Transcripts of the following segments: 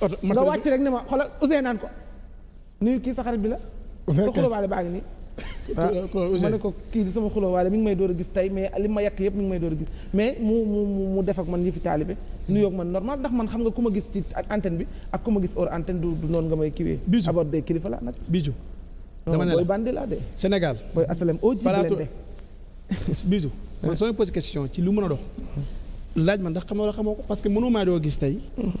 oto nga wàcc rek ne ma xoolal Ousseyn naan ko nuyu kii sa xarit bi la. sa xulóobaale ah, ne ko kii sama xulóobaale mi ngi may door a gis tey mais li ma yàq yëpp mi ngi may door a gis mais mu mu mu def ak man nu taalibe nuyoo ak man normal ndax man xam nga ku ma gis ci antenne bi ak ku ma gis hors antenne du du nga may kiiwee. bijou abordé kilifa la nag. bijou. dama ne la booy bandi laa de. Sénégal booy asalem au ji. balaa man soo ma posé question ci lu mën a dox. laaj ma ndax xamoo la xamoo ko parce que mënoo maa doo gis tey.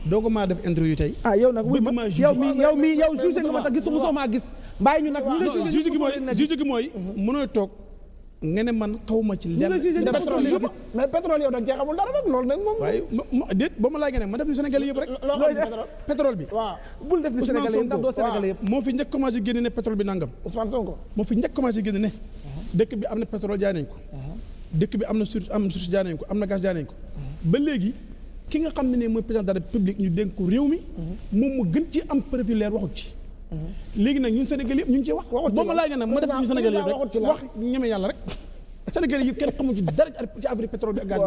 doogu maa def interview tey. ah yow nag ma yow mi yow mi yow jugé nga ma tax gis mosoo maa gis. ma ci lenn. mais pétrole yow nag jeexamul dara nag loolu nag moom. waaye ma def ni Sénégalais yëpp rek. loo def pétrole bi. waaw yëpp ndax fi njëkk commencé génne ne pétrole bi nangam. Ousmane fi njëkk commencé génne ne. dëkk bi am na pétrole jaay nañ ko. Uh-huh. dëkk bi am na source am source ko am na gaz jaay ko ba léegi ki nga xam ne ne mooy président de la république ñu dénk ko réew mi. moom mu gën ci am privilège waxut ci. léegi nag ñun Sénégal yëpp ñu ngi wax. waxut ci boo wax ñeme yàlla rek. Sénégal yi kenn xamu ci dara ci affaire pétrole bi ak gaz bi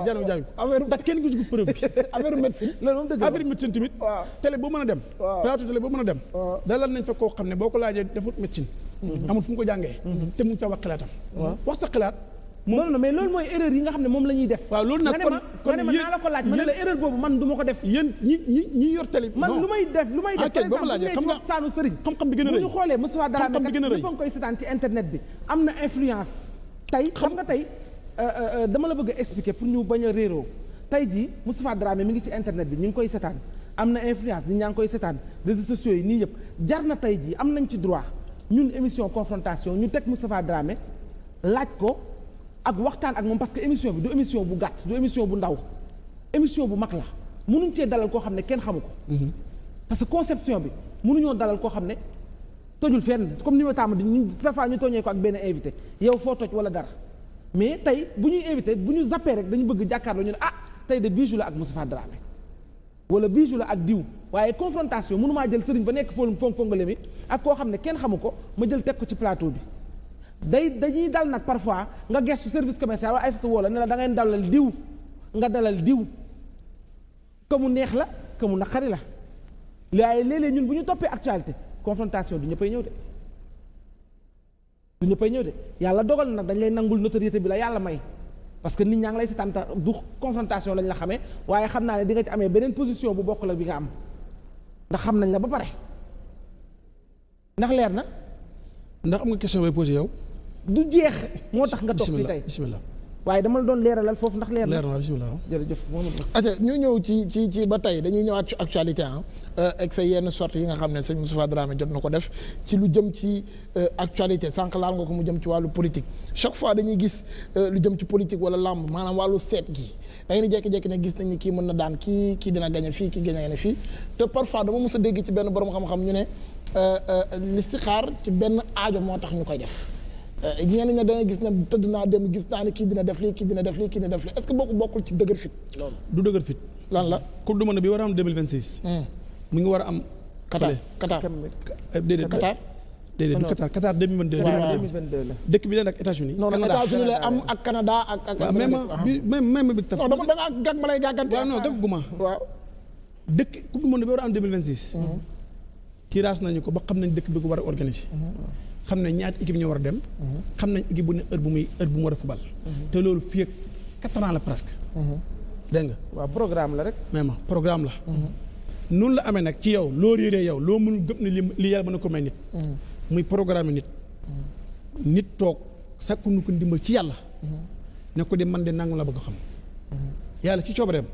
ko ndax médecine loolu moom boo mën a dem plateau télé boo mën a dem dalal nañ fa koo xam ne boo ko laajee defut médecine mhm. amul fu mu ko jàngee mhm. te mu ngi wax xalaatam wax sa xalaat non non mais loolu mooy erreur yi nga xam ne moom la ñuy def. waaw loolu nag kon kon naa la ko laaj ma ne la erreur boobu man du ko def. man lu may def lu may def ah, xam bi gën a rëy bu ñu xoolee Moustapha Darame kat a ngi koy seetaan ci internet bi tey xam nga tey euh, euh, euh, dama la bëgg a pour ñu bañ a réeroo tey jii Moustapha Darame mi ngi ci internet bi ñu ngi koy seetaan am na influence nit ñaa ngi koy seetaan réseaux sociaux yi nii yëpp jar na tey jii am nañ ci droit ñun émission confrontation ñu teg Moustapha Darame laaj ko ak waxtaan ak moom parce que émission bi du émission bu gàtt du émission bu ndaw émission bu mag la mënuñ cee dalal koo xam ne kenn xamu ko. Mhm. parce que conception bi mënuñoo dalal koo xam ne tojul fenn comme ni ma taamu di ñu parfois ñu tooñee ko ak benn invité yow foo wala dara mais tey bu ñuy invité bu ñu zappee rek dañu bëgg jàkkaarloo ñu ne ah tey de Bijou la ak Moustapha Dramé wala Bijou la ak diw waaye confrontation mënumaa jël sëriñ ba nekk fon fongale mi ak xam ne kenn xamu ko ma teg ko ci plateau bi. day dañuy dal nag parfois nga gestu service commercial waa Aïssatou woo la ne la da ngay dalal diw nga dalal diw que neex la que mu xari la ay léeg-léeg ñun bu ñu toppee actualité confrontation du ñëppay ñëw de du ñëppay ñëw de yàlla dogal na nag dañ lay nangul notoriété bi la yàlla may parce que nit ñaa ngi lay si tànta du confrontation lañ la xamee waaye xam naa ne di ci amee beneen position bu bokk la bi nga am ndax xam nañ la ba pare ndax leer na. ndax am nga question bay yow. du jeex moo tax nga toog fi tey bismillah waaye dama la doon leeralal foofu ndax leer na. leer na bismillah jërëjëf ñu ñëw ci ci ci ba tey dañuy ñëwaat ci actualité ah. Euh, ak yenn sorties yi nga xam ne sëñ Moustapha Dramé jot na ko def ci lu jëm ci euh, actualité sànq laal nga ko mu jëm ci wàllu politique chaque fois dañuy gis euh, lu jëm ci politique wala làmb maanaam wàllu seet gi da ngeen di jékki ne gis nañ ni kii mën na daan kii kii dina gañe fii kii gañe fii te parfois dama mës a dégg ci benn borom xam-xam ñu ne li si xaar ci benn aajo moo tax ñu koy def. Euh, ñenn ña da nga gis ne tëdd naa dem gis naa ne kii dina def lii kii dina def lii kii dina def lii est-ce que boo ko bokkul ci dëgër fit. du dëgër fit. lan la coupe du monde bi war a am deux mille hmm. ngi war a am. Qatar Qatar euh, déedéet Qatar. déedéet du ah Qatar Qatar dëkk bi leen ak États-Unis non non États-Unis lay bi même même bi. non dama ma lay gàggante. waaw non gàggu dëkk coupe du monde bi war a am deux mille vingt six. Hmm. tirage nañu ko ba xam nañ dëkk bi ko war a organiser hmm. xam ne ñaata équipe ñoo war a dem. xam nañ équipe bu ne heure bu muy heure bu mu war a fubal. Mhm. te loolu fii ak la presque. Mhm. dégg nga. waaw programme la rek. mais ma programme la. Mhm. noonu la amee nag ci yow loo réeree yow loo mënul gëm ne li yàlla mën na ko may nit. muy programme nit. nit toog sakku nu ndimbal ci yàlla. ne ko de man de nangu la bëgg xam. yàlla ci coobareem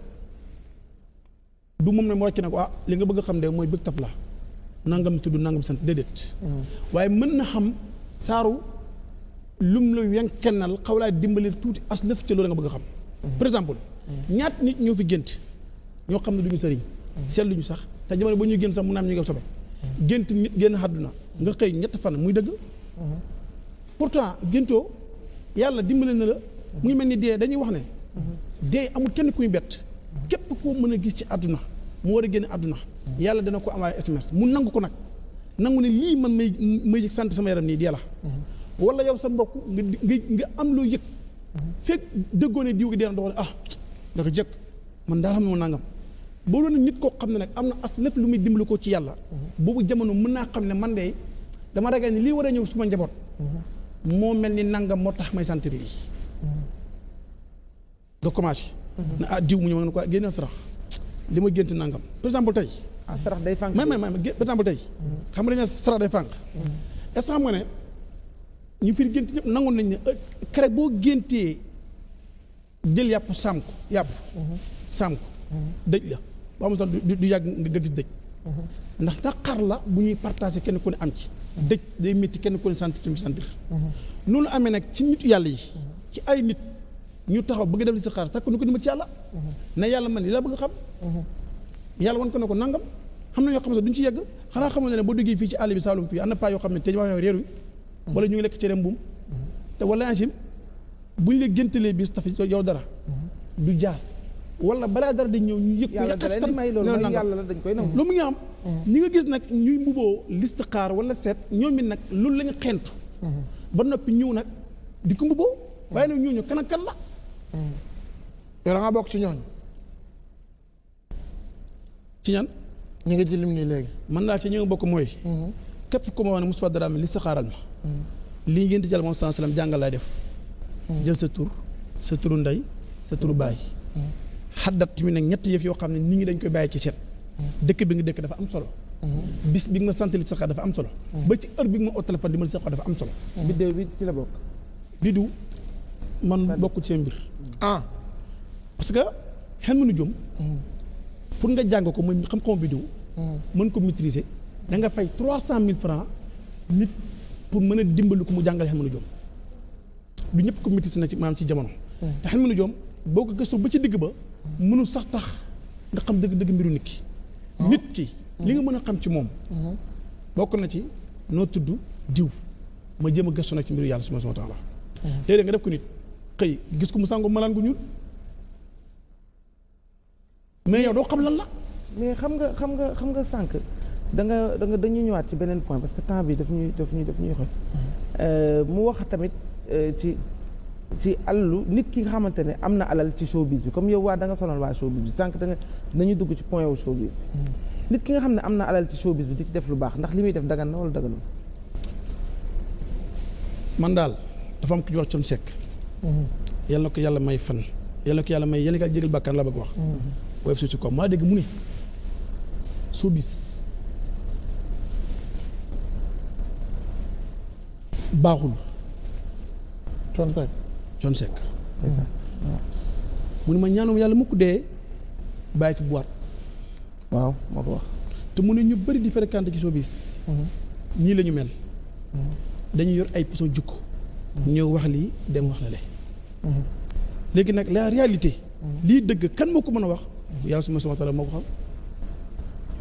du moom ne mu wàcc ne ko ah li nga bëgg xam de mooy bëgg taf la. nangam tudd nangam sant déedéet. Mm. waaye mën na xam saaru lum la wenkennal xaw laa dimbali tuuti as lëf ci loolu bëgg xam. Mm. par exemple. Mm. ñaat nit ñoo fi gént ñoo xam ne duñu sëriñ. seetluñu sax te jamono ba ñuy génn sax mun naa am ñu ngi sobe. gént nit génn àdduna nga xëy ñett fan muy dëgg. pourtant géntoo yàlla dimbali na la. mu mel ni dee dañuy wax ne. Mm-hmm. dee amul kenn kuy bett. képp koo mën a gis ci àdduna mu war a génn àdduna. yàlla dana ko envoyé SMS mu nangu ko nag nangu ne lii man may may sant sama yaram nii di yàlla wala yow sa mbokk nga nga am loo yëg fekk dëggoo ne diw gi dee na doxale ah naka jëkk man daal xam ne ma nangam boo doon nit koo xam ne nag am na as lépp lu muy dimbali ko ci yàlla boobu jamono mën naa xam ne man de dama ragal ni lii war a ñëw suma njaboot moo mel ni nangam moo tax may sant lii nga commencé mhm. na ah diw mu ñëw ko ah, génneel sarax li ma gént nangam par exemple tey ah sarax day fànq. mais mais mais ba tàmbali tey. Mm-hmm. xam nga dañu sarax day fànq. Mm-hmm. est xam nga ne ñu fi gént ñëpp nangoon nañ ne euh, keroog boo géntee jël yàpp saam ko yàpp. Mm-hmm. saam ko. dëj la ba mu sax du du yàgg nga gis dëj. ndax ndax xar la bu ñuy partagé kenn ku ne am ci. dëj day métti kenn ku ne sant ci sentir. noonu amee nag ci nit yàlla yi. ci ay nit ñu taxaw bëgg def li si xar sax ku ne ko ni ma ci yàlla. na yàlla man li laa bëgg xam. yàlla wan ko ne ko nangam xam na ñoo xam sax duñ ci yegg xanaa xamoon ne ne boo duggee fii ci àll bi Saalum fii am na paa yoo xam ne te ñu réeruñ wala ñu ngi lekk cere mbuum te walla angim buñ la géntalee bis taf yow dara du jaas wala balaa dara dañ ñëw ñu yëg lu mu ngi am mm-hmm. ñi nga gis nag ñuy mbuboo xaar wala seet ñoom bi nag loolu la ñu mm-hmm. ba noppi ñëw nag di ko mbuboo waaye nag ñooñu kan ak kan la mm-hmm. yow da bokk ci ñooñu ci ñan. ñu ngi ci nii léegi. man naa ci ñi nga bokk mooy. Mm-hmm. képp ku ma wane Moustapha Dramé li saxaaral ma. Mm-hmm. lii ngeen di jàll moom sallallahu alayhi wasallam jàngal laay def. Mm-hmm. jël sa tur sa turu ndey sa turu baay. xaddat tamit nag ñetti yëf yoo xam ne nit ñi dañ koy bàyyi ci seet. dëkk bi nga dëkk dafa am solo. bis bi nga ma sant li saxaar dafa am solo. ba ci heure bi nga ma oo téléphone di ma li saxaar dafa am solo. biddew bi ci la bokk. biddu man bokk ci mbir. ah xel mënu jom pour nga jàng ko mooy xam bi vidéo hmm. mën ko maîtriser da nga fay trois cent mille francs nit pour mën a dimbali ko mu jàngale xel mënu joom du ñëpp ko na ci maanaam ci jamono hmm. te xel mënu joom boo ko gëstu ba ci digg ba mënul sax tax nga xam dëgg-dëgg mbiru nit ki hmm. nit ki li nga mën a xam ci moom bokk na ci noo tudd diw ma jëm a gëstu nag ci mbiru yàlla subhanahu wa taala léeg-léeg nga ko nit xëy gis ko mu sàngoo malaan gu ñuul mais yow doo xam lan la. mais xam nga xam nga xam nga sànq da nga da dañuy ñëwaat ci beneen point parce que temps bi daf ñuy daf ñuy daf ñuy xoj. Euh, mu wax tamit euh, ci ci alalu nit ki nga xamante ne am na alal ci showbiz bi comme yow waa da nga sonal waa showbiz bi sànq da nga nañu dugg ci point wu showbiz hmm. nit ki nga xam ne am na alal ci showbiz bi di ci def lu baax na li muy def dagan na wala daganul. man daal dafa am ku ñu wax Thione hmm. yal na ko yàlla may fan. yal na ko yàlla may yal na ko yàlla jégal bàkkaar la bëgg wax. Hmm. woyof si ci kaw maa dégg mu ne soo bis baaxul. Hmm. mu ne ma ñaanuma yàlla mukk dee bàyyi fi boîte. waaw moo ko wax. te mu ne ñu bëri di fréquenté ci showbiz. ñii hmm. la ñu mel. Hmm. dañuy yor ay façon jukko. ñëw wax li dem wax la le léegi nag la réalité. lii dëgg kan moo ko mën a wax yàlla suma sama tala moo ko xam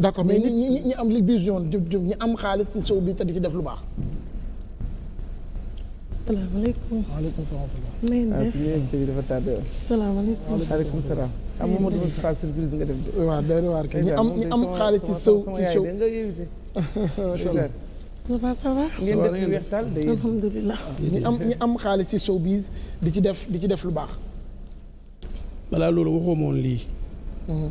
d' accord mais ñi ñi ñi am li vision ñi am xaalis si sow bi te di ci def lu baax salaamaaleykum waaleykum salaam waaw suñu invité bi dafa tardé woon salaamaaleykum waaleykum salaam am ma dama si nga de waaw doy na waar kay ñu ñu am xaalis ci sow sama da nga invité ça va am ñi am xaalis bi di ci def di ci def lu baax balaa loolu waxoo moon lii Mm-hmm.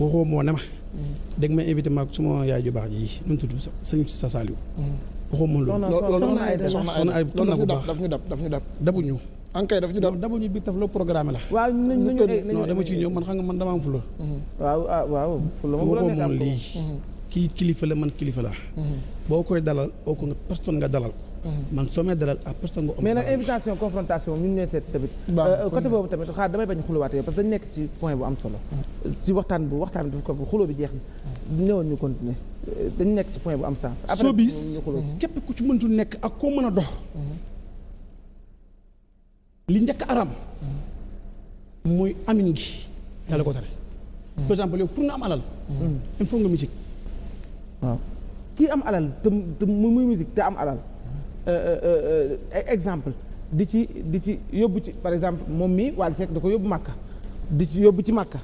waxoo moo ne ma. Mm-hmm. dégg ma invité ma ak suma yaay ju baax ji nu mu tudd sëñ sa Saaliw. Mm-hmm. waxoo moo loolu soxna Aïda soxna Aïda ton na ko baax daf ñu dab daf ñu dab dabuñu. ankay daf ñu dab la programme la. waaw nañu nañu non dama ciy ñëw man xam nga man dama am waaw ah moom lii. kii kilifa la man kilifa la. boo koy dalal oo ko nga personne nga dalal man soo may dalal à poste nga. mais nag invitation confrontation ñu ne seet tamit. Euh, côté boobu tamit xaar damay bañ xulawaatee parce que dañu nekk ci point bu am solo. si waxtaan bu waxtaan bi dafa ko xuloo bi jeex na. ñëwoon ñu continuer euh, dañu nekk ci point bu am sens. après ñu képp ku ci mëntu nekk ak koo mën a dox. li njëkk aram mooy amin gi. yàlla ko tere. par exemple yow pour nga am alal. il faut nga musique. waaw kii am alal te te muy musique te am alal. Euh, euh, euh, e- exemple di ci di ci yóbbu ci par exemple moom mii Wally Seck da ko yóbbu Màkka di ci yóbbu ci Màkka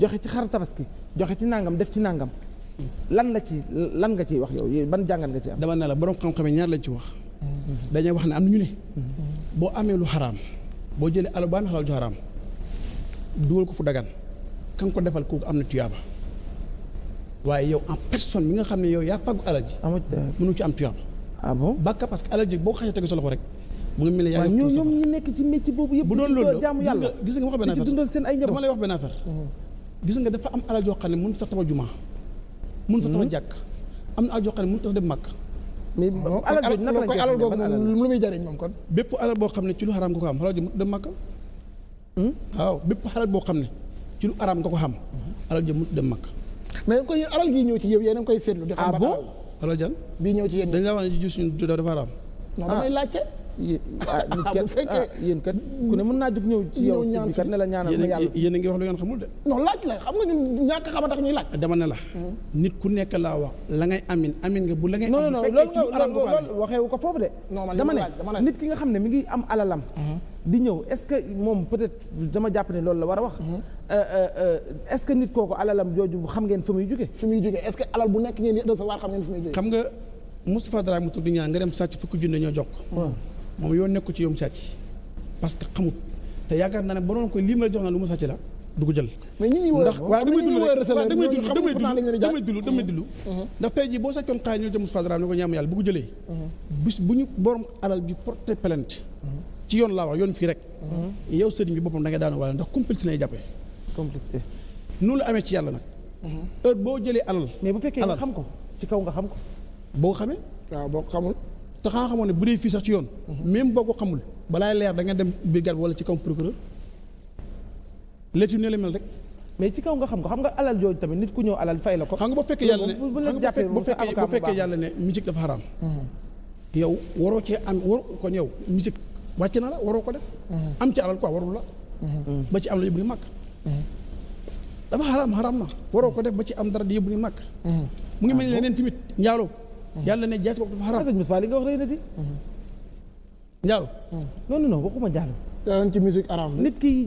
joxe ci xar tabaski joxe ci nangam def ci nangam lan la ci lan nga ciy wax yow ban jàngat nga ci am. dama ne la boroom xam-xam ñaar lañ ci wax. dañuy wax ne am na ñu ne. boo amee lu xaraam. boo jëlee alal baan xalal ju xaraam. dugal ko fu dagan kan ko defal kooku am na tuyaaba. waaye yow en personne mi nga xam ne yow yaa fàggu alal ji. mënu ci am tuyaaba. ah bon bakka parce que alal ji boo xasee tegu sa loxo rek. mu ngi mel ni yaa nekk ci métier boobu yëpp. bu doon loolu jaamu yàlla gis nga wax benn affaire ci uh-huh. gis nga dafa am alal joo xam ne mënut sax tabax jumaa. mënut sax tabax uh-huh. jàkk am na alal joo xam ne mënut sax dem màkk. mais alal jooju naka lañ koy alal googu moom lu muy jariñ moom bépp alal boo xam ne ci lu xaraam nga ko am alal waaw bépp alal boo xam ne ci lu xaraam nga ko xam. alal ji mënut hmm? uh-huh. dem màkk. mais kon alal gi ñëw ci yow yéen a ngi koy seetlu. ah bon alal jàmm bii ñëw ci yéen dañ la wax ne ji suñu dafa araam non ah. laajte Ah, bu fekkee ah, yéen kat ku ne mën naa jóg ñëw ci la ñaanal a ngi wax lu ngeen xamul de non a tax ñuy laaj dama la hmm. nit ku nekk laa wax la ngay amin amin nga bu la ngay non non loolu waxeewu ko foofu de dama ne nit ki nga xam ne mi ngi am alalam hmm. di ñëw est-ce que moom peut-être dama jàpp ne loolu la war a wax hmm. euh, euh, euh, est-ce que nit kooku alalam jooju xam ngeen fi muy jóge fi muy jóge est-ce que alal bu nekk ngeen recevoir xam ngeen fi muy jóge xam nga Moustapha Dramé mu tudd ñaan nga dem sàcc fukki junne ñoo jox ko moom yoon nekku ci yoom sàcc parce que xamut te yaakaar naa ne ba doon koy lii ma la jox na lu mu sàcc la du ko jël ndax waaw damay dul damay dul damay dul ndax tey jii boo sàccoon xaalis ñoo jëm Moustapha Dramé ne ko ñaam yàlla bu ko jëlee mm-hmm. bis bu ñu borom alal bi porté plainte mm-hmm. ci yoon laa wax yoon fii rek mm-hmm. yow sëriñ bi boppam da ngay daanu wàlla ndax complicité lay jàppee complicité noonu la amee ci yàlla nag heure boo jëlee alal mais bu fekkee nga xam ko ci kaw nga xam ko boo xamee waaw boo xamul te xam xamoon ne bu dee fii sax ci yoon. même boo ko xamul balaa leer da nga dem brigade wala ci kaw procureur léegi ne la rek. mais ci kaw nga xam ko xam nga alal jooju tamit nit ku ñëw alal fay la ko. xam nga bu fekkee yàlla ne bu bu fekkee yàlla ne musique dafa xaraam. Hmm. yow waroo cee am waru kon yow musique wàcc na la waroo ko def. Hmm. am ci alal quoi warul la. Hmm. ba ci am la yóbbu ni màkk. dafa xaraam xaraam na waroo ko def ba ci am dara di yóbbu ni màkk. mu ngi mel ni ah, leneen tamit njaaloo yàlla ne jaay si bopp li nga wax rëy na di. Ndiallo. Mm-hmm. non non non waxuma Ndiallo.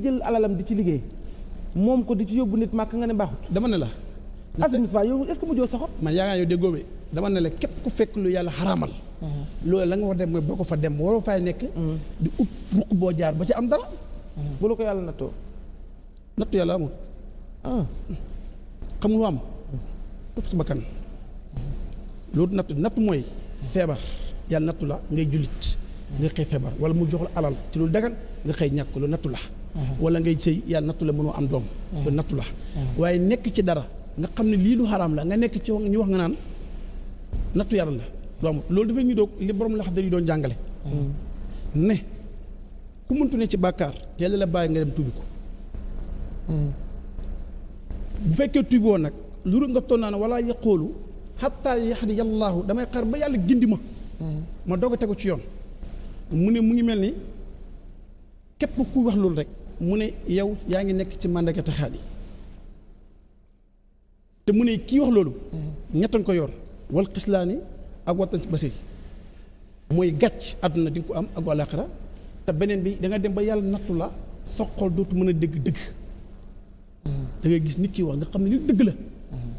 jël alalam di ci liggéey. moom ko di ci yóbbu nit màkk nga ne dama ne la. Assane ah, Moussa yow est-ce que mu joo soxor. man dama ne la képp ku fekk lu yàlla xaraamal. Mm-hmm. loolu la nga war dem mooy boo ko fa dem waroo fay nekk. Mm-hmm. di ut ruq boo jaar ba ci am dara. bu la ko yàlla nattoo. nattu yàlla amul. ah xam lu am. topp ci bakkan loolu nattu nattu mooy feebar yàlla nattu la ngay jullit nga xëy feebar wala mu jox la alal ci loolu dagan nga xëy ñàkk loolu nattu la mm-hmm. wala ngay sëy yàlla nattu la mënoo am doom mm-hmm. loolu nattu la mm-hmm. waaye nekk ci dara nga xam ne lii lu xaraam la nga nekk ci ñu wax nga naan nattu yàlla la lu amul loolu dafay ñu doog li borom lax dari doon jàngale ne ku muntu ne ci bàkkaar yàlla la bàyyi nga dem tuubi ko bu fekkee tuubi woon nag lu nga toon naa ne wala yaqoolu xataa yaxdiya llaahu damay xar ba yàlla gindi ma ma doog a tegu ci yoon mu ne mu ngi mel ni képp ku wax loolu rek mu ne yow yaa ngi nekk ci màndaga taxaat yi te mu ne kii wax loolu ñettan ko yoon wal xislaani ak wattan ci basiri mooy gàcc àdduna di ko am ak àllaaxira te beneen bi danga dem ba yàlla nattu la sa xol dootu mën a dégg dégg da ngay gis nit ki wax nga xam ne li dëgg la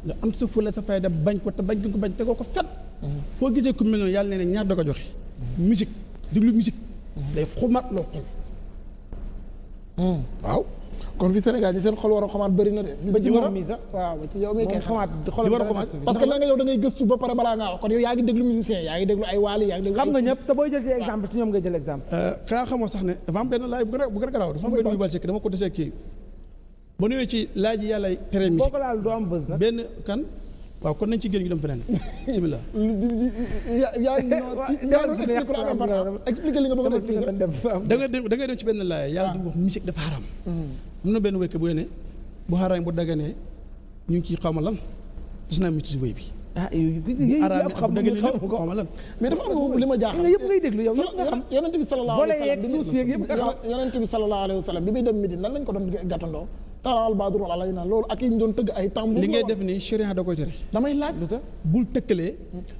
nga am sa fulla sa fayda bañ ko te bañ ko bañ te koo ko fet foo gisee ku yàlla nee na ñaar da ko joxe musique diglu musique day hmm. a xamaat bëri na de. ba ci moom mi sax waaw ba ci que la nga yow da ngay pare balaa ngaa wax kon yaa ngi déglu musicien yaa ngi déglu ay waali yaa ngi déglu xam nga ñëpp te booy jël ci exemple ci euh, dama ko desee kii ba ñëwee ci laaj yàlla tere mi. boo ko laal doo am bës benn kan. waaw kon nañ ci génn ñu dem feneen. bisimilah. yaa expliqué li nga bëgg a def da nga dem da nga dem ci benn laaya yàlla di wax musique dafa haram. Mm-hmm. am na benn wékk bu yéene bu haram bu daganee ñu ngi ciy xaw ma lan gis naa mucc si bi. ah yooyu arabe xam nga xaw ma lan. mais dafa am li ma jaaxal yëpp ngay déglu yow yëpp nga xam yonent bi sallallahu alayhi wa sallam yëpp nga lañ ko doon gàttandoo taral badru alayna loolu ak yi ñu doon tëgg ay tambour li ngay def ni sharia da koy tere damay laaj bul tëkkalee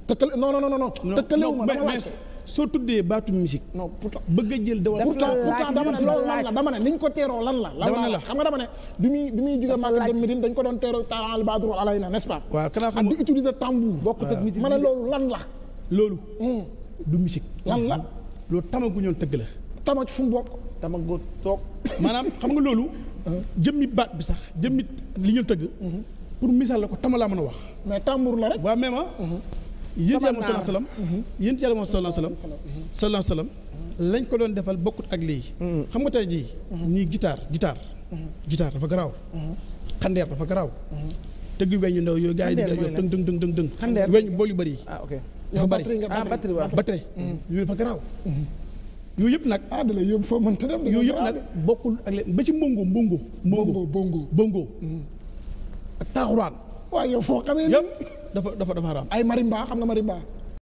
tëkkale non non non non tëkkalewu ma damay laaj soo tuddee baatu musique non pourtant bëgg jël dawal pourtant pourtant dama ne loolu lan la ko teeroo lan la la xam nga dama ne muy bi ko doon teeroo taral badru alayna n'est-ce pas waaw kanaa xam di utiliser tambour loolu la loolu hmm. du musique lan la loolu tamagu tëgg la tamag fu mu bokk tamag go toog maanaam xam nga loolu jëmmi baat bi sax jëmmi li ñu tëgg. Mhm. pour misaal la ko tama laa mën a wax. mais tambour la rek. waaw mais ma. Mhm. yéen yàlla moom sallallahu alayhi wasallam. Mhm. yéen yàlla moom sallallahu lañ ko doon defal bokkut ak lii. xam nga tey jii. ñii guitare guitare. guitare dafa garaaw. xandeer dafa garaaw. tëgg weñ ñu ndaw yooyu gars yi di dajoo dëng dëng dëng dëng. xandeer bool yu bëri yi. ah ok dafa bëri ah batterie dafa garaaw. yooyu yëpp nag. ah da lay yóbbu foo mënta dem. yooyu yëpp nag bokkul ak leen ba ci mbongo mbongo. mbongo bongo bongo. Mm. taaxuraan. yow foo xamee. yëpp dafa dafa dafa xaraam ay marimba xam nga baa